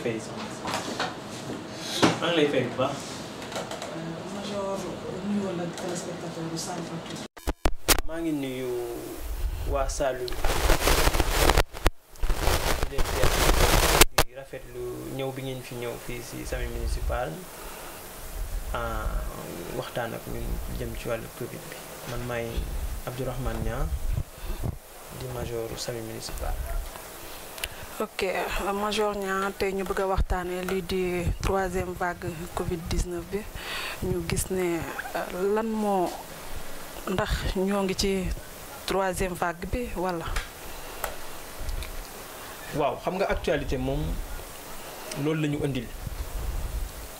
maa ngi nuyu waa Saloum di leen rafetlu ñëw bi ngeen fi ñëw fii si sami municipal ah, waxtaan ak ñun jëm ci wàll Covid bi man maay Abdourahmane Niang di majoru sami municipal. ok euh, major ñaa tey ñu bëgg waxtaanee lii di troisième vague Covid 19 bi ñu gis ne euh, lan moo ndax ñoo ngi ci troisième vague bi walla. waaw xam nga actualité moom loolu la ñu indil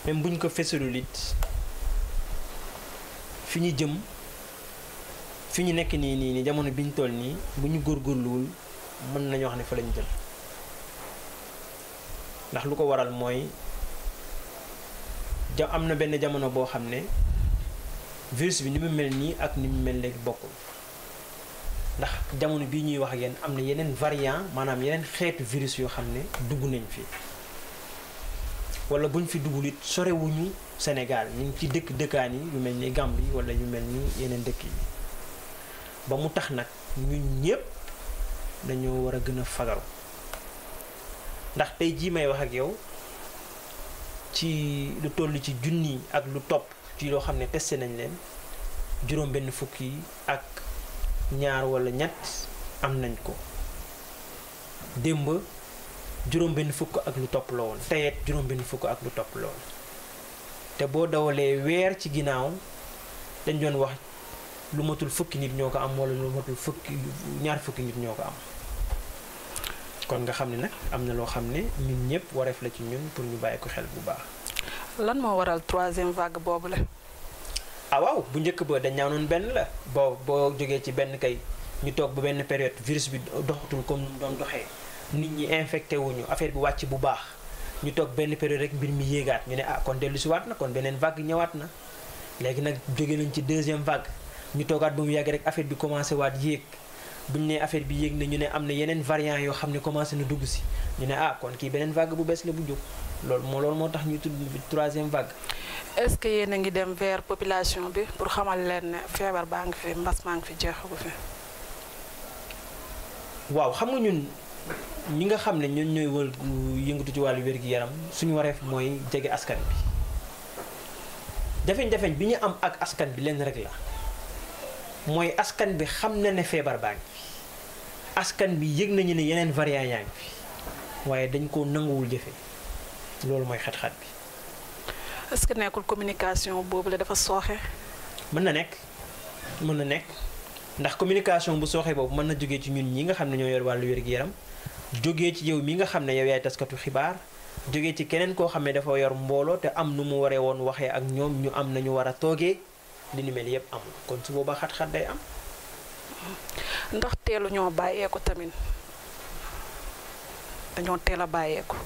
même buñ ko fesalul it fi ñu jëm fi ñu nekk nii nii nii jamono bi ñu toll nii bu ñu góor góorgóorluwul mën nañu wax ne fa lañu jël. ndax lu ko waral mooy ja am na benn jamono boo xam ne virus bi ni mu mel nii ak ni mu mel léegi bokkul ndax jamono bii ñuy wax ak yéen am na yeneen variant maanaam yeneen xeetu virus yoo xam ne dugg nañ fi wala buñ fi duggul it sorewuñu Sénégal ñu ngi ci dëkk dëkkaani yi yu mel ni Gambie wala yu mel ni yeneen dëkk yi ba mu tax nag ñun ñëpp dañoo war a gën a fagaru. ndax tey jii may wax ak yow ci lu toll ci junni ak lu topp ci loo xam ne testé nañ leen juróom benn fukk ak ñaar walla ñett am nañ ko démb juróom benn fukk ak lu topp la woon ak lu topp te boo dawalee weer ci ginnaaw dañ doon wax lu matul fukki nit ñoo ko am wala lu matul fukki ñaar fukki nit ñoo ko am kon nga xamni nak amna lo xamni nit ñepp waref la ci ñun pour ñu bàyyi ko xel bu baax. lan mo waral 3e vague bobu la. ah waw bu ñëk bo dañ ñaanon benn la bo bo joggé ci benn kay ñu tok bu benn période virus bi doxatul comme ñu doon doxé nit ñi infecté wuñu affaire bi wacc bu baax ñu tok benn période rek mbir mi yégaat ñu né ah kon dellu ci wat na kon benen vague ñëwaat na légui nak joggé nañ ci 2e vague ñu togaat bu mu yàgg rek affaire bi commencé waat yégg biñ nee affaire bi yéeg na ñu ne am na yeneen variant yoo xam ne commencé na dugg si ñu ne ah kon kii beneen vague bu bees la bu jóg loolu moo loolu moo tax ñu tudd troisième vague. est-ce que yéen a ngi dem vers population bi pour xamal leen ne feebar baa ngi fi mbas maa ngi fi jeexagu waaw xam nga ñun ñi nga xam ne ñun ñooy wër yëngatu ci wàllu wér-gi-yaram suñu wareef mooy jege askan bi jafe-jafe bi ñu am ak askan bi leen rek la mooy askan bi xam na ne feebar baa ngi. askan bi yëg nañu ne yeneen variant yaa ngi fi waaye dañ koo nanguwul jëfe loolu mooy xat-xat bi. est que nekkul communication boobu la dafa sooxe. mën na nekk mën na nekk ndax communication bu sooxe boobu mën na jógee ci ñun ñi nga xam ne ñoo yor wàllu wér-gu-yaram jóge ci yow mi nga xam ne yow yaay taskatu xibaar jóge ci keneen koo xam ne dafa yor mbooloo te am nu mu waree woon waxee ak ñoom ñu am nañu war a toogee li ni mel yépp amul kon su boobaa xat day am. ndax teelu ñoo bàyyeeku tamit dañoo teel a bàyyeeku.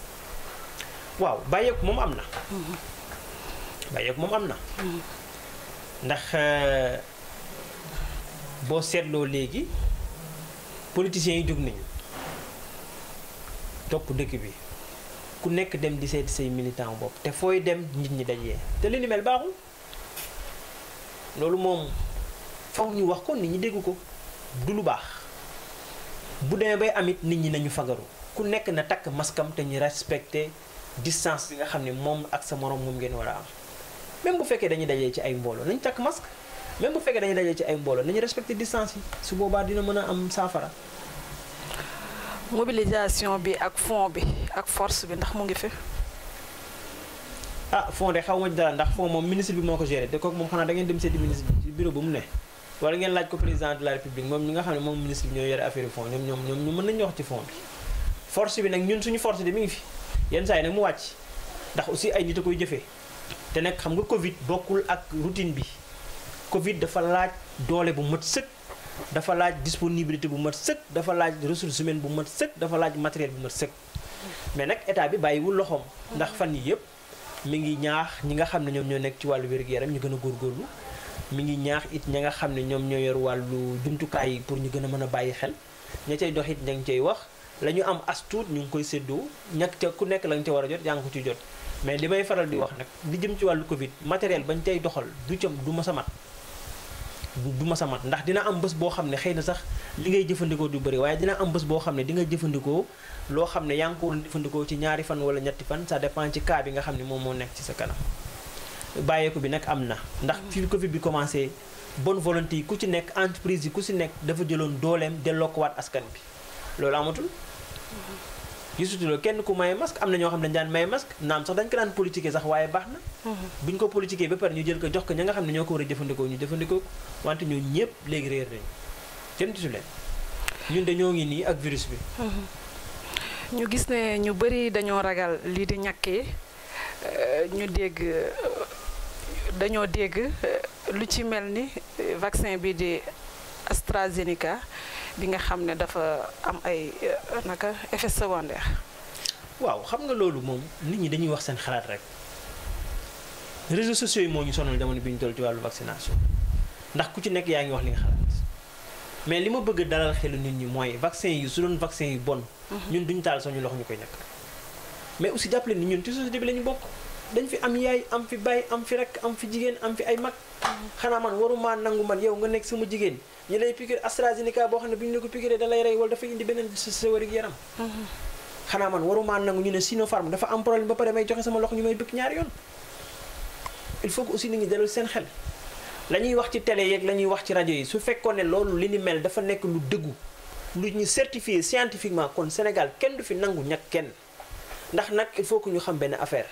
waaw bàyyeeku moom am na. Mhm. bàyyeeku moom am na. Mhm. ndax euh, boo seetloo léegi politiciens yi jóg nañu topp dëkk bi ku nekk dem di seet say militant bopp te fooy dem nit ñi dajee te li ni mel baaxul loolu moom faw ñu wax ko nit ñi dégg ko. du lu baax bu demee bay amit nit ñi nañu fagaru ku nekk na takk maskam te ñu respecté distance bi nga xam ne moom ak sa moroom moom ngeen war a am même bu fekkee dañuy dajee ci ay mbooloo nañu takk masque même bu fekkee dañuy dajee ci ay mbooloo respecté distance yi su boobaa dina mën a am saafara. mobilisation bi ak fond bi ak force bi ndax mu ngi fi. ah fond de xaw ma dara ndax fond moom ministre bi moo ko géré te kooku moom xanaa da dem seeti ministre bi bureau bu mu ne. wala ngeen laaj ko président de la république moom ñi nga xam ne moom ministre bi ñoo yore affaire fonds ñoom ñoom ñoom force bi nag ñun suñu force de mi ngi fi yenn saa yi nag mu wàcc ndax aussi ay nit koy jëfee te nag xam nga covid bokkul ak routine bi covid dafa laaj doole bu mat sëkk dafa laaj disponibilité bu mat sëkk dafa laaj ressources humaines bu mat sëkk dafa laaj matériel bu mat sëkk mais nag état bi bàyyiwul loxoom ndax fan yi yëpp mi ngi ñaax ñi nga xam ne ñoom ñoo nekk ci wàllu wér-gu-yaram ñu gën a góor góorlu mi ngi ñaax it ña nga xam ne ñoom ñoo yor wàllu jumtukaay yi pour ñu gën a mën a bàyyi xel ña cay dox it ña cay wax lañu am as ñu ngi koy séddoo ñàkk te ku nekk la nga ca war a jot yaa ngi ko ci jot mais li may faral di wax nag li jëm ci wàllu Covid matériel bañ cay doxal du ca du mës a mat du mës mat ndax dina am bés boo xam ne xëy na sax li ngay jëfandikoo du bëri waaye dina am bës boo xam ne di nga jëfandikoo loo xam ne yaa ngi ko jëfandikoo ci ñaari fan wala ñetti fan sa dépend ci cas bi nga xam ne moom moo nekk ci sa kanam bàyyeeku bi nak amna ndax fi Covid bi commencé bonne volonté ku ci nek entreprise ku ci nek dafa jëlon dolem delok wat askan bi lolu amatul lo kenn ku may masque amna ño xam dañ dan may masque nam sax dañ ko dan politiquer sax waye baxna mhm. buñ ko politiquer ba par ñu jël ko jox ko ñinga xam ne ñoo ko ñu jëfëndiko wante ñoo ñëpp léegi réer nañu ci leen ñun dañoo ngi ni ak virus bi mhm. ñu gis ne ñu bari dañoo ragal li di ñaké euh, ñu dégg dañoo dégg euh, lu ci mel ni euh, vaccin bi di AstraZeneca bi nga xam ne dafa am ay euh, naka effet secondaire waaw xam nga loolu moom nit ñi dañuy wax seen xalaat rek réseaux sociaux yi moo ñu sonal jamono bi ñu toll ci wàllu vaccination ndax ku ci nekk yaa ngi wax li nga xalaat mais li ma bëgg a dalal xelu nit ñi mooy vaccin yi su doon vaccin yi bon. Mhm. ñun duñu taal sax ñu loxo ñu koy nekk mais aussi jàppale ni ñun ci société bi la ñu bokk. dañ fi am yaay am fi bay am fi rek am fi jigen am fi ay mak xana man ma nangu man yow nga nek sama jigen ñi lay piqûre AstraZeneca bo xamne buñu ko piqûre da lay ray wala fay indi benen sa yaram xana man ma nangu ñu ne Sinopharm dafa am problème ba paré may joxe sama lox ñu may bëkk ñaar yoon il faut aussi ñi dalal seen xel la wax ci télé yek la wax ci radio yi su fekkone loolu li ni mel dafa nek lu deggu lu ñu certifié scientifiquement kon Sénégal kenn du fi nangu ñak kenn ndax nak il faut ñu xam ben affaire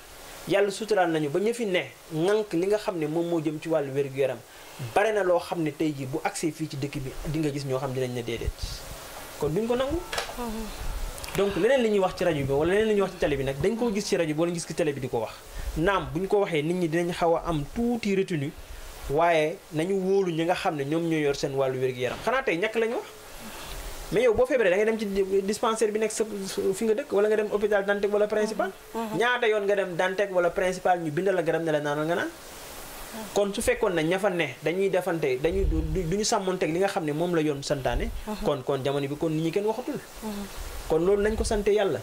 yàlla suturaal nañu ba ñu fi ne ŋànk li nga xam ne moom moo jëm ci wàllu wér-gu-yaram bare na loo xam ne tey jii bu accès fii ci dëkk bi di nga gis ñoo xam dinañ ne déedéet kon duñ ko nangu. donc leneen li ñuy wax ci rajo bi wala leneen li ñuy wax ci télé bi nag dañ koo gis ci rajo bi gis ci télé bi di ko wax naam bu ñu ko waxee nit ñi dinañ xaw a am tuuti retenu waaye nañu wóolu ñu nga xam ne ñoom ñoo yor seen wàllu wér-gu-yaram xanaa tey ñàkk lañu wax. mais yow bo febré da ngay dem ci dispensaire bi nek sa fi nga dëkk wala nga dem hôpital dante wala principal. ñaata mm-hmm. mm-hmm. yoon nga dem Dante wala principal ñu bindal la garab ne la naanal nga mm-hmm. nan kon su fekkon na ñafa ne dañuy defante dañuy duñu samonté li nga xamné ne la yoon santane kon kon jamono bi kon nit ñi kenn waxatul. kon loolu nañ ko santé yalla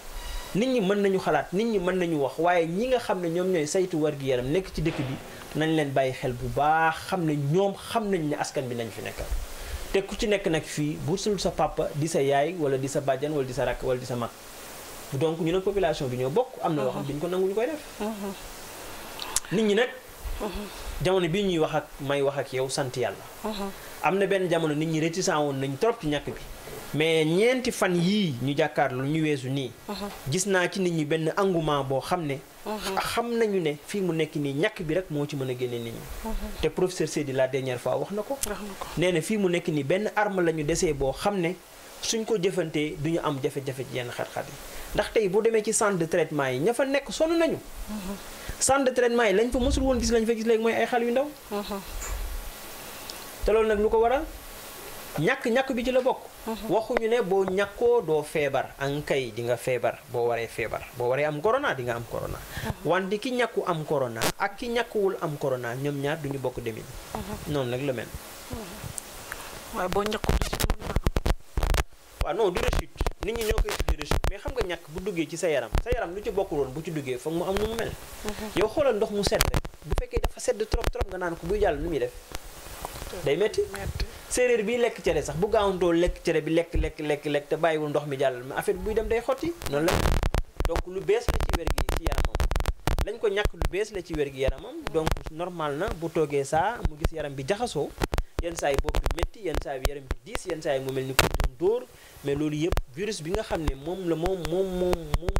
nit ñi mën nañu xalaat nit ñi mën nañu wax waaye ñi nga xam ne ñoom ñooy saytu war gi yaram nekk ci dëkk bi nañ leen bàyyi xel bu baax xam ne ñoom xam nañ ne askan bi nañ fi nekkal. te ku ci nekk nag fii bursul sa papa di sa yaay wala di sa bàjjan wala di sa rakk wala di sa mag donc ñu ne population bi ñoo bokk am na loo xam uh-huh. duñ ko nangu ñu koy def uh-huh. nit ñi nag uh-huh. jamono bii ñuy wax ak may wax ak yow sant yàlla am na benn jamono nit ñi réticent woon nañ trop ci ñàkk bi mais ñeenti fan yii ñu jàkkaarloo ñu weesu nii. gis naa ci nit ñi benn engouement boo xam ne. xam nañu ne fii mu nekk nii ñàkk bi rek moo ci mën a génne nit ñi. te professeur Seydi la dernière fois wax na ko. nee na fii mu nekk nii benn arme lañu desee boo xam ne suñ ko jëfantee du ñu am jafe-jafe ci yenn xat-xat yi ndax tey bu demee ci centre de traitement yi ña fa nekk sonn nañu. centre de traitement yi lañ fa mësul woon gis lañ fa gis léegi mooy ay xal yu ndaw. te loolu nag ko waral. ñak ñak bi ci la bokk uh-huh. waxuñu ne ñako do doo feber kay di nga feebar bo waré bo waré am corona di nga am corona uh-huh. wante ki ñaku am corona ak ki ñàkkuwul am corona ñom ñaar duñu bok demin uh-huh. non nak la mel waaye bo wa non du rechute nit ñi ñokay ci tuddee mais xam nga ñak bu duggé ci sa yaram sa yaram lu ci bokul won bu ci duggé fa mu am lu mu mel yow xolal ndox mu sedd bu fekké dafa sedd trop trop nga nan ko bu jàll lu mi def day métti séeréer bi lekk cere sax bu gaawantoo lekk cere bi lekk lekk lekk lekk te bàyyiwul ndox mi jàllal ma affaire buy dem day xotti noonu la donc lu bees la ci wer gi ci yaramam lañ ko ñàkk lu bees la ci wér gi yaramam donc normal na bu toogee saa mu gis yaram bi jaxasoo yenn yi bopp métti yenn saa yi bi diis yenn yi mu mel ni ko doon mais loolu yëpp virus bi nga xam ne moom la moom moom moom moom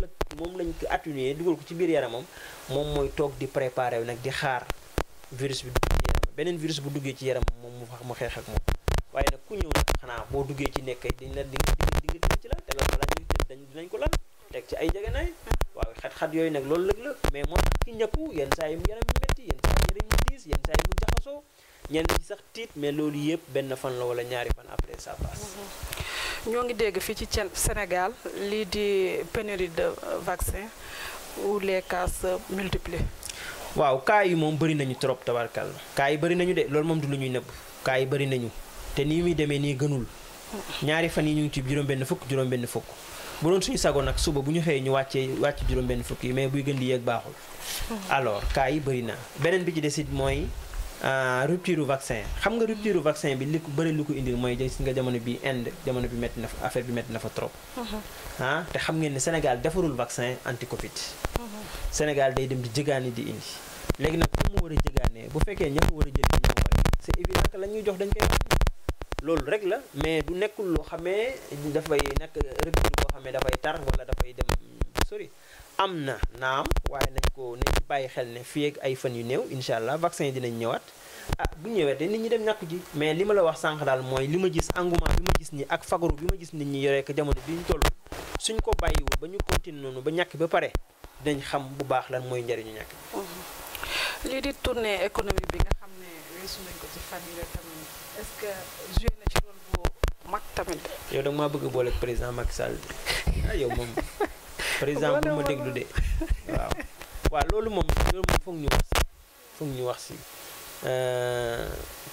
la moom lañ ko atténuer dugal ko ci biir yaramam moom mooy toog di préparer wu nag di xaar virus bi benen virus bu duggé ci yaram mom mu mu xex ak mom wayé nak ku ñëw nag xanaa boo duggee ci nekk dañ la di nga di nga ci la té la ñu ci dañ dinañ ko lan tek ci ay jégenay waaw xat-xat yoy nak loolu lëg la mais moo tax ki ñàkku yenn saa mu yaram metti yeen say yaram yu diis mu jaxasoo ci sax tit mais loolu yépp ben fan la wala ñaari fan après ça passe. Mhm. ñoo ngi dégg fi ci Sénégal li di pénurie de vaccin ou les cas se multiplient. waaw cas yi moom bëri nañu trop tabarkal la cas yi bëri nañu de loolu moom du lu ñuy nëbb cas yi bëri nañu te nii muy demee nii gënul ñaari fan yi ñu ngi ci juróom-benn fukk juróom-benn fukk bu doon suñu sago nag suba bu ñu xëyee ñu wàccee wàcc juróom-benn fukki mais buy gën di yéeg baaxul hmm. alors cas yi bëri na beneen bi ci desit mooy Euh, rupture vaccin xam nga rupture vaccin bi li ko bëri lu ko indil mooy si nga jamono bi Inde jamono bi metti na fa affaire bi métti na fa trop. Mhm. ah te xam ngeen ne Sénégal defarul vaccin anti Covid. Mhm. Sénégal day dem di jëgaani di indi. léegi nag comme mu war a jëgaanee bu fekkee ña ko war a jëriñ ñoo bari c' est évident la ñuy jox dañ koy loolu rek la mais du nekkul loo xamee dafay nekk rupture boo xamee dafay tar wala dafay dem. sori am na naam waaye nañ ko nañ bàyyi xel ne fii ak ay fan yu néew incha allah vaccin dinañ ñëwaat ah bu ñëwee de nit ñi dem ñàkk ji mais li ma la wax sànq daal mooy li ma gis engouement bi ma gis nii ak fagaru ma gis nit ñi yore ko jamono bi ñu toll suñ ko bàyyiwul ba ñu continuer noonu ba ñàkk ba pare dinañ xam bu baax lan mooy njëriñu ñàkk. Mhm. lii di tournée économie bi nga xam ne weesu nañ ko ci fan yi tamit est-ce que joué na ci rôle bu mag tamit. yow da maa bëgg a boole président Macky Sall ah moom. président bu ma déglu de waaw waaw loolu moom loolu moom foog ñu wax si foog ñu wax si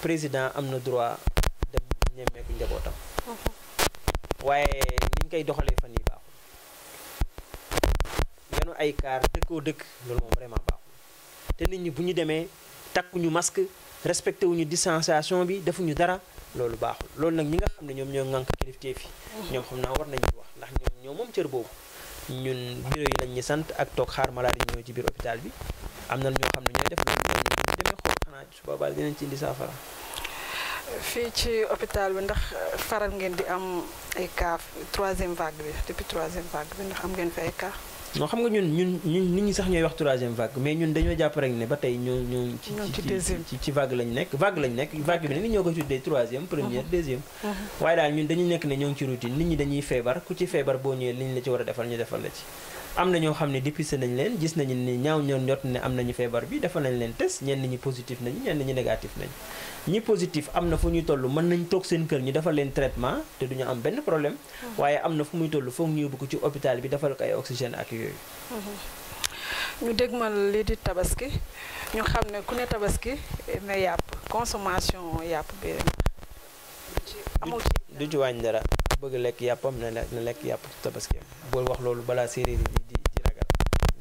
président am na droit dem ñemmeeku njabootam uh-huh. waaye niñ koy doxalee fan yi baaxul yenu ay kaar dëkkoo dëkk loolu moom vraiment baaxul te nit ñi bu ñu demee takkuñu masque respecté wuñu distanciation bi defuñu dara loolu baaxul loolu nag ñi nga xam ne ñoom ñoo ŋànk kilifteef yi uh-huh. ñoom xam war nañu wax ndax ñoom ñoo moom cër boobu ñun bureau yi lañ sant ak toog xaar malade yi ñëw ci biir hôpital bi am na ñoo xam ne ñooy def loolu ñoom ñu demee xool xanaa su boobaa dinañ ci indi saafara. fii ci hôpital bi ndax euh, faral ngeen di am ay cas troisième vague bi depuis troisième vague bi ndax am ngeen fi ay cas. non xam nga ñun ñun ñun nit ñi sax ñooy wax troisième vague mais ñun dañoo jàpp rek ne ba tey ñoo ñoo ci ci vague lañ nekk vague lañ nekk vague bi ne nit ñoo koy tuddee troisième première uh-huh. deuxième uh-huh. waaye daal ñun dañu nekk ne ñoo ngi ci routine nit ñi dañuy feebar ku ci feebar boo ñëwee liñ la ci war a defal ñu defal la ci am na ñoo xam ne dépisté nañ leen gis nañu ni ñaaw ñooñ jot ne am nañu feebar bi defal nañ leen test ñenn ñi positif nañu ñenn ñi négatif nañu ñi positif am fu ñuy tollu mën nañ tok seen kër ñi defal leen traitement té duñu am benn problème ah. waye am fu muy tollu fook ñu yóbbu ko ci hôpital bi defal ko ay oxygène ak yoy mhm. ñu déggmal li di tabaski ñu xamné ku né tabaski né yap consommation yap bi amu ci du ci wañ dara bëgg lek yapam na na lekk tabaski bo wax lolu bala séri di di ragal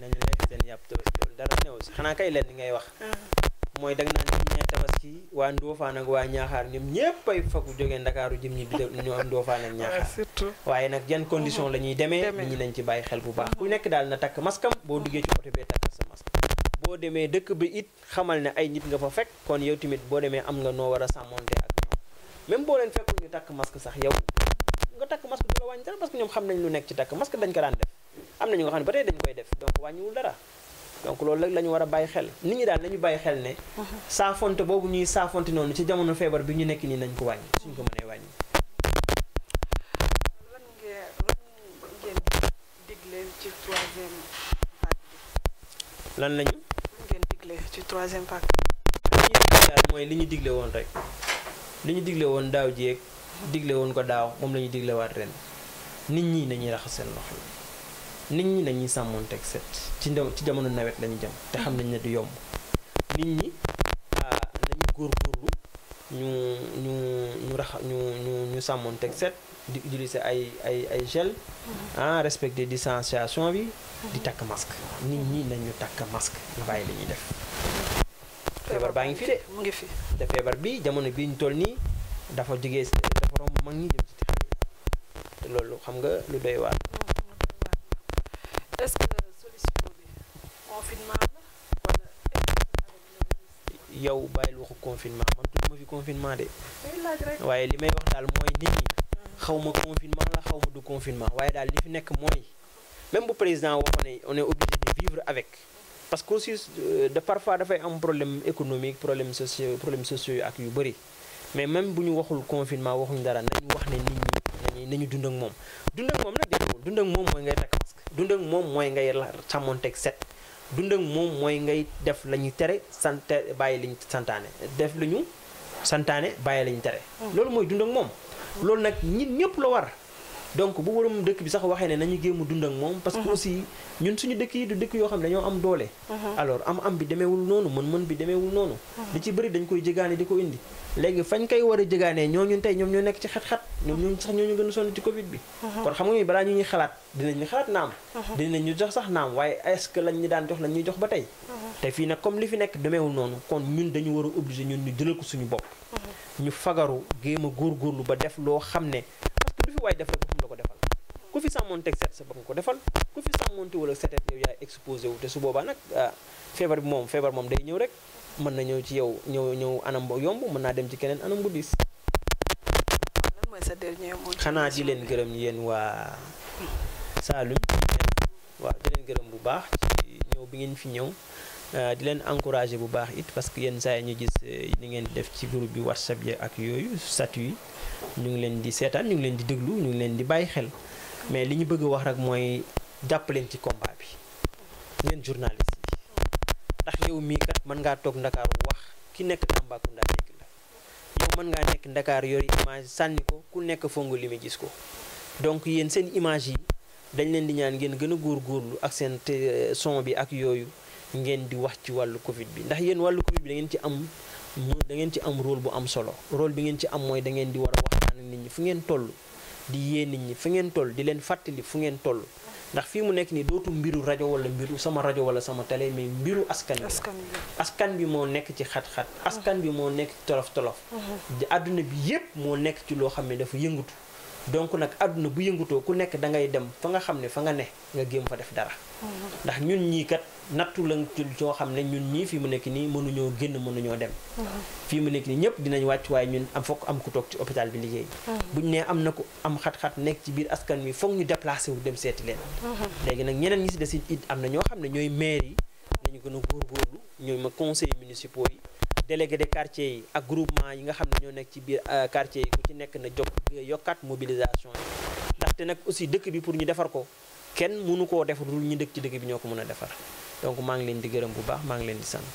nañu lek seen yap tabaski dara néw xana kay lén ngay wax ah moy dag na nit ñaa tabaski waa Ndofane ak wa Niakhar ñum ñëpp ay fagu jógee Ndakaaru jëm ñi bi ñu am Ndofane ak ah, Niakhar surtout waaye nag yan condition la démé demee ñi nañ ci bay xel bu baax ku nekk dal na tak maskam bo duggé ci auto bee tak sa mask bo démé dëkk bi it xamal ne ay nit nga fa fekk kon yow timit bo démé am nga no wara a ak ñoom même bo leen fekkul ñu tak mask sax yow nga tak mask du la wañ dara parce que ñom xam nañ lu nekk ci tak mask dañ ko daan def am nañ nga xam ne ba dañ koy def donc dara donc loolu rek la ñu war a bàyyi xel nit ñi daal nañu bàyyi xel ne saafonte boobu ñuy saafonte noonu ci jamono feebar bi ñu nekk nii nañ ko wàññi suñ ko mënee wàññi lan ngeen digle ci troisième vague bi lan lañu ci troisième vague bi li ñu digle woon rek li ñu digle woon daaw jéeg digle woon ko daaw moom la ñu diglewaat ren nit ñi nañuy raxas seen loxo nit ñi nañuy sàmmonteeg set ci ndaw ci jamono nawet lañu jëm te xam nañ ne du yomb nit ñi ah, nañu gorlu ñu ñu ñu rax ñu ñu ñu sàmmonteeg set di utiliser ay ay ay gel ah respecter distanciation bi di tak masque nit ñi nañu tak masque ñu bay li ñi def feebar ba ngi fi de mu ngi fi te feebar bi jamono bi ñu toll nii dafa jógee dafa romb mag ñi jëm ci te loolu xam nga lu doy waat yow bàyyil waxu confinement man tudduma fi confinement de waaye li may wax daal mooy nit ñi xaw ma confinement la xaw ma du confinement waaye daal li fi nekk mooy même bu président waxoon ne on est obligé de vivre avec parce que aussi euh, de parfois dafay am problème économique problème social, problème social ak yu bëri mais même bu ñu waxul confinement waxuñ dara nañu wax ne nit ñi nañu dund ak moom dund ak moom nag dund ak moom mooy ngay takk masque dund ak moom mooy ngay sàmmonteeg set dund moom mooy ngay def la ñuy tere sante bàyyi la santaane def lu ñu santaane bàyyi la ñu tere. Mm. loolu mooy dund moom. Mm. loolu nag ñit ñëpp la war. donc bu borom dëkk bi sax waxee ne nañu géemu dund ak moom parce que mhm. aussi ñun suñu dëkk yi du dëkk yoo xam ne dañoo am doole mhm. alors am am bi demeewul noonu mën-mën bi demeewul noonu mhm. li ci bëri dañ koy jëgaane di ko indi léegi fañ koy war a jëgaanee ñoo ñun tey ñoom ñoo nekk ci xat-xat ñoom ñoo sax ñu gën a sonn ci covid bi kon xam nga ñu balaa ñu ñuy xalaat dinañ ñu xalaat naam ñu jox sax naam waaye est-ce ñu daan jox lañ jox ba tey te fii nag comme li fi nekk demeewul noonu kon ñun dañu war a obligé ñun ñu jëlal ko suñu bopp ñu fagaru géem a góorgóorlu ba def loo xam ne lu fi waay def rek boppam la ko defal ku fi sàmmoonteeg set sa bopp nga ko defal ku fi sàmmoonte wala setet yow yaay exposé te su boobaa nag ah, feebar bi moom feebar moom day ñëw rek mën na ñëw ci yow ñëw ñëw anam bu yomb mën naa dem ci keneen anam bu diis xanaa di leen gërëm yéen waa Saalum waaw di leen gërëm bu baax ci ñëw bi ngeen fi ñëw Euh, di leen encouragé bu baax it parce que yenn saa yi ñu gis euh, ni ngeen def ci groupe bi whatsapp yi ak yooyu statut yi ñu ngi leen di seetaan ñu ngi leen di déglu ñu ngi leen di bàyyi xel mais li ñu bëgg a wax rek mooy jàpp leen ci combat bi ngeen journaliste yi ndax yow mii kat mën ngaa toog Ndakaaru wax ki nekk Tambacounda nekk la yow mën ngaa nekk Ndakaar yori image sànni ko ku nekk fongu li muy gis ko donc yéen seen image yi dañ leen di ñaan ngeen gën a góorgóorlu ak seen son bi ak yooyu ngeen di wax ci wàllu Covid bi ndax yéen wàllu Covid bi da ngeen ci am da ngeen ci am rôle bu am solo role bi ngeen ci am mooy dangeen ngeen di war a waxtaan ak nit ñi fu ngeen toll di yee nit ñi fu ngeen toll di leen fàttali fu ngeen toll ndax fii mu nekk nii dootu mbiru rajo wala mbiru sama rajo wala sama télé mais mbiru askan bi askan bi moo nekk ci xat-xat askan bi moo nekk ci tolof bi yépp moo nekk ci loo xam ne dafa yëngatu donc nag àdduna bu yëngutoo ku nekk da ngay dem fa nga xam ne fa nga ne nga géem fa def dara ndax ñun ñii kat nattu lañ ci ñoo xam ne ñun ñii fii mu nekk nii mënuñoo génn mënuñoo dem fii mu nekk nii ñëpp dinañ wàcc waaye ñun am fokk am ku toog ci hôpital bi liggéey buñ nee am na ko am xat-xat nekk ci biir askan wi foog ñu déplacé wu dem seeti leen léegi nag ñeneen ñi si des it am na ñoo xam ne ñooy maire yi nañu gën a góorgóorlu ñooy ma conseil municipaux yi délégué de quartier yi ak groupement yi nga xam ne ñoo nekk ci biir euh, quartier yi ku ci nekk na jóg euh, yokkat mobilisation yi ndaxte nag aussi dëkk bi pour ñu defar ko kenn mënu koo defar ñu dëkk ci dëkk bi ñoo ko mën a defar donc maa ngi leen di gërëm bu baax maa ngi leen di sant